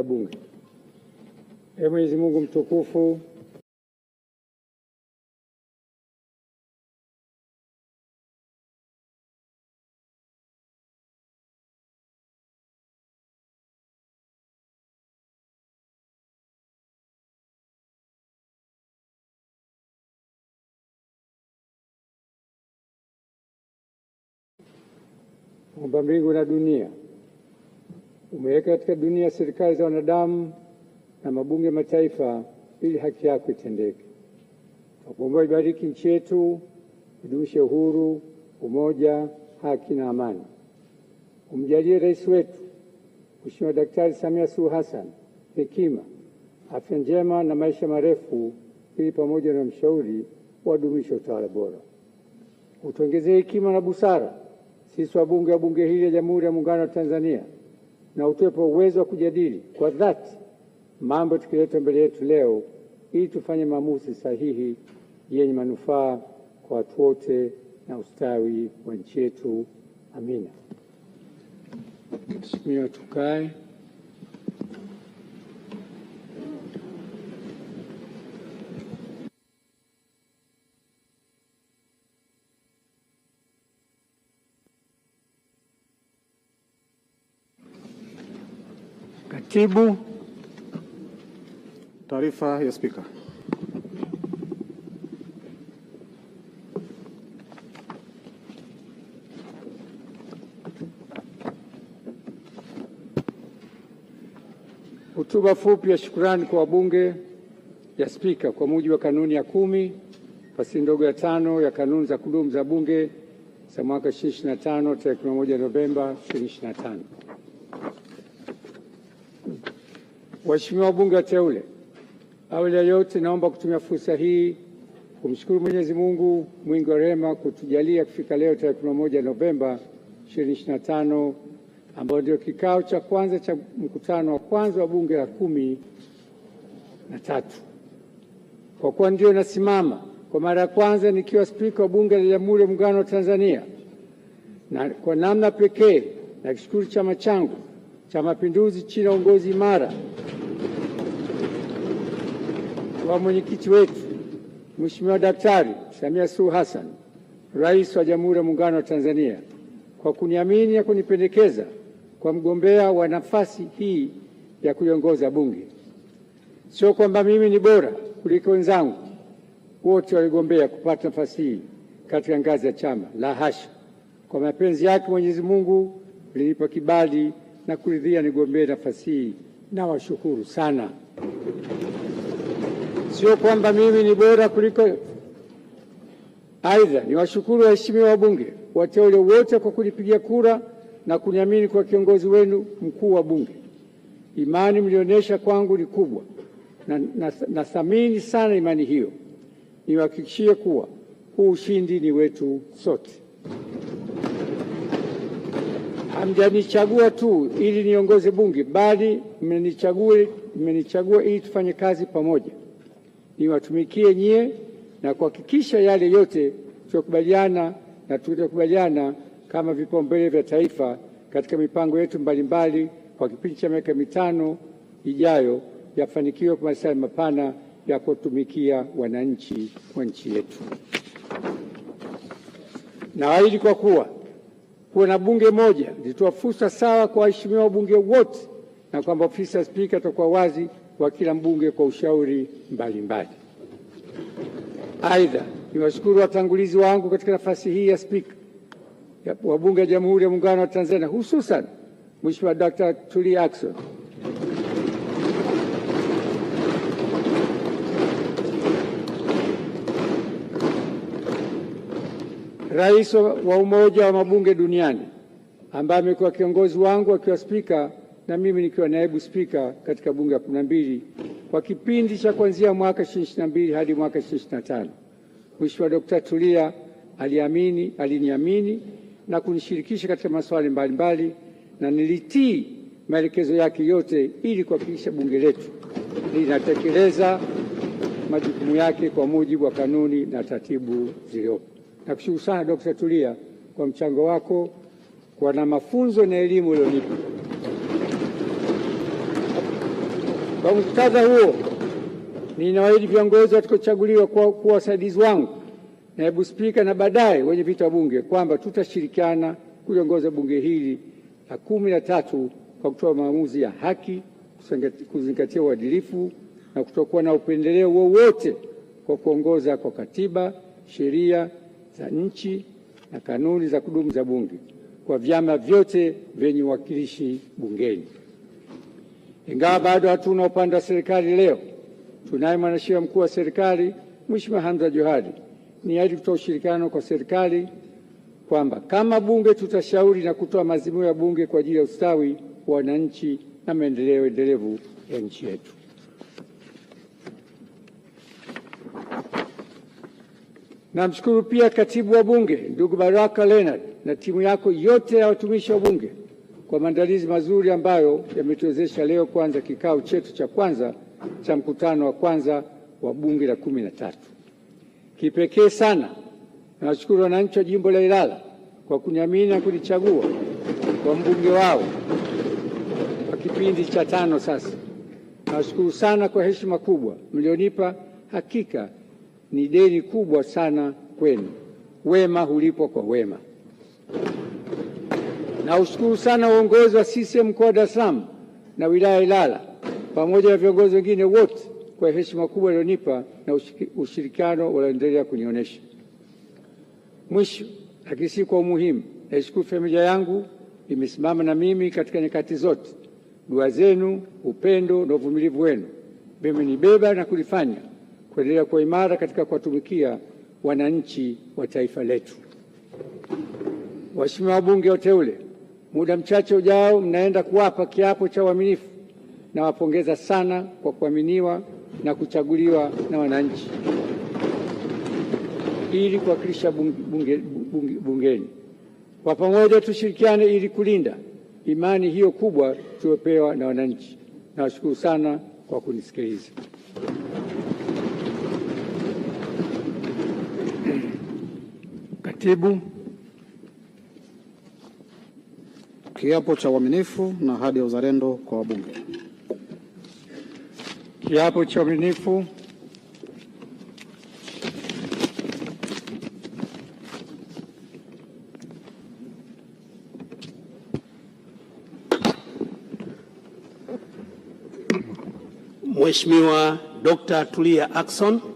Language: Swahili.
ya Bunge. Ee Mwenyezi Mungu mtukufu Muumba mbingu na dunia umeweka katika dunia serikali za wanadamu na mabunge mataifa ili haki yako itendeke. Tunakuomba ibariki nchi yetu, idumishe uhuru, umoja, haki na amani. Umjalie rais wetu Mheshimiwa Daktari Samia Suluhu Hassan hekima, afya njema na maisha marefu, ili pamoja na mshauri wadumishe utawala bora. Utuongezee hekima na busara sisi wabunge wa bunge hili la Jamhuri ya Muungano wa Tanzania na utuwepo uwezo wa kujadili kwa dhati mambo tukileta mbele yetu leo, ili tufanye maamuzi sahihi yenye manufaa kwa watu wote na ustawi wa nchi yetu. Amina. Mheshimiwa, tukae. Kibu, taarifa ya Spika. Hotuba fupi ya shukrani kwa wabunge ya Spika kwa mujibu wa kanuni ya kumi fasi ndogo ya tano ya kanuni za kudumu za Bunge za mwaka 2025 tarehe 11 Novemba 2025. Waheshimiwa wabunge wateule, awali ya yote, naomba kutumia fursa hii kumshukuru Mwenyezi Mungu mwingi wa rehema kutujalia kufika leo tarehe 11 Novemba 2025 ambayo ndio kikao cha kwanza cha mkutano wa kwanza wa bunge la kumi na tatu. Kwa kuwa ndio nasimama kwa mara ya kwanza nikiwa spika wa bunge la Jamhuri ya Muungano wa Tanzania, na kwa namna pekee nakishukuru chama changu cha Mapinduzi chini ya uongozi imara wa mwenyekiti wetu Mheshimiwa Daktari Samia Suluhu Hassan, Rais wa Jamhuri ya Muungano wa Tanzania, kwa kuniamini na kunipendekeza kwa mgombea wa nafasi hii ya kuiongoza Bunge. Sio kwamba mimi ni bora kuliko wenzangu wote waligombea kupata nafasi hii katika ngazi ya chama, la hasha. Kwa mapenzi yake Mwenyezi Mungu linipa kibali na kuridhia nigombee nafasi hii. Nawashukuru sana. Sio kwamba mimi ni bora kuliko. Aidha, niwashukuru waheshimiwa wabunge wateule wote kwa kunipigia kura na kuniamini kwa kiongozi wenu mkuu wa Bunge. Imani mlionyesha kwangu ni kubwa na nathamini na sana imani hiyo. Niwahakikishie kuwa huu ushindi ni wetu sote hamjanichagua tu ili niongoze Bunge, bali mmenichagua, mmenichagua ili tufanye kazi pamoja, niwatumikie nyie na kuhakikisha yale yote tuliyokubaliana na tuliokubaliana kama vipaumbele vya taifa katika mipango yetu mbalimbali kwa kipindi cha miaka mitano ijayo yafanikiwe kwa maslahi mapana ya kutumikia wananchi wa nchi yetu. Naahidi kwa kuwa kuwa na bunge moja litoa fursa sawa kwa waheshimiwa wabunge wote, na kwamba ofisi ya spika itakuwa wazi kwa kila mbunge kwa ushauri mbalimbali. Aidha, niwashukuru watangulizi wangu katika nafasi hii ya spika wa bunge la Jamhuri ya Muungano wa Tanzania, hususan Mheshimiwa dr Tulia Ackson Rais wa Umoja wa Mabunge Duniani ambaye amekuwa kiongozi wangu akiwa spika na mimi nikiwa naibu spika katika bunge la kumi na mbili kwa kipindi cha kuanzia mwaka 2022 hadi mwaka 2025. Mheshimiwa Dkt. Tulia aliamini, aliniamini na kunishirikisha katika masuala mbalimbali na nilitii maelekezo yake yote ili kuhakikisha bunge letu linatekeleza majukumu yake kwa mujibu wa kanuni na taratibu zilizopo. Nakushukuru sana Dkt. Tulia kwa mchango wako kwa na mafunzo na elimu ulionipa. Kwa muktadha huo, ninawaahidi viongozi watakaochaguliwa kuwa wasaidizi wangu, naibu spika na baadaye wenyeviti wa bunge kwamba tutashirikiana kuliongoza bunge hili la kumi na tatu kwa kutoa maamuzi ya haki, kuzingatia uadilifu na kutokuwa na upendeleo wowote, kwa kuongoza kwa katiba, sheria za nchi na kanuni za kudumu za Bunge kwa vyama vyote vyenye uwakilishi bungeni. Ingawa bado hatuna upande wa serikali leo, tunaye mwanasheria mkuu wa serikali Mheshimiwa Hamza Johari. Ni ahidi kutoa ushirikiano kwa serikali kwamba kama bunge tutashauri na kutoa maazimio ya bunge kwa ajili ya ustawi wa wananchi na maendeleo endelevu ya nchi yetu. Namshukuru pia katibu wa Bunge ndugu Baraka Leonard na timu yako yote ya watumishi wa Bunge kwa maandalizi mazuri ambayo yametuwezesha leo kuanza kikao chetu cha kwanza cha mkutano wa kwanza wa Bunge la kumi na tatu. Kipekee sana nawashukuru wananchi wa jimbo la Ilala kwa kuniamini na kunichagua kwa mbunge wao kwa kipindi cha tano sasa. Nawashukuru sana kwa heshima kubwa mlionipa. Hakika ni deni kubwa sana kwenu. Wema hulipwa kwa wema. Naushukuru sana uongozi wa CCM mkoa wa Dar es Salaam na wilaya Ilala pamoja na viongozi wengine wote kwa heshima kubwa iliyonipa na ushirikiano walioendelea kunionyesha. Mwisho lakini si kwa umuhimu, naishukuru familia yangu imesimama na mimi katika nyakati zote. Dua zenu, upendo na uvumilivu wenu vimenibeba na kulifanya kuendelea kuwa imara katika kuwatumikia wananchi wa taifa letu. Waheshimiwa wabunge wateule, muda mchache ujao mnaenda kuwapa kiapo cha uaminifu. Nawapongeza sana kwa kuaminiwa na kuchaguliwa na wananchi ili kuwakilisha bunge, bunge, bungeni. Kwa pamoja tushirikiane ili kulinda imani hiyo kubwa tuliopewa na wananchi. Nawashukuru sana kwa kunisikiliza. katibu, kiapo cha uaminifu na ahadi ya uzalendo kwa wabunge. Kiapo cha uaminifu. Mheshimiwa Dr. Tulia Ackson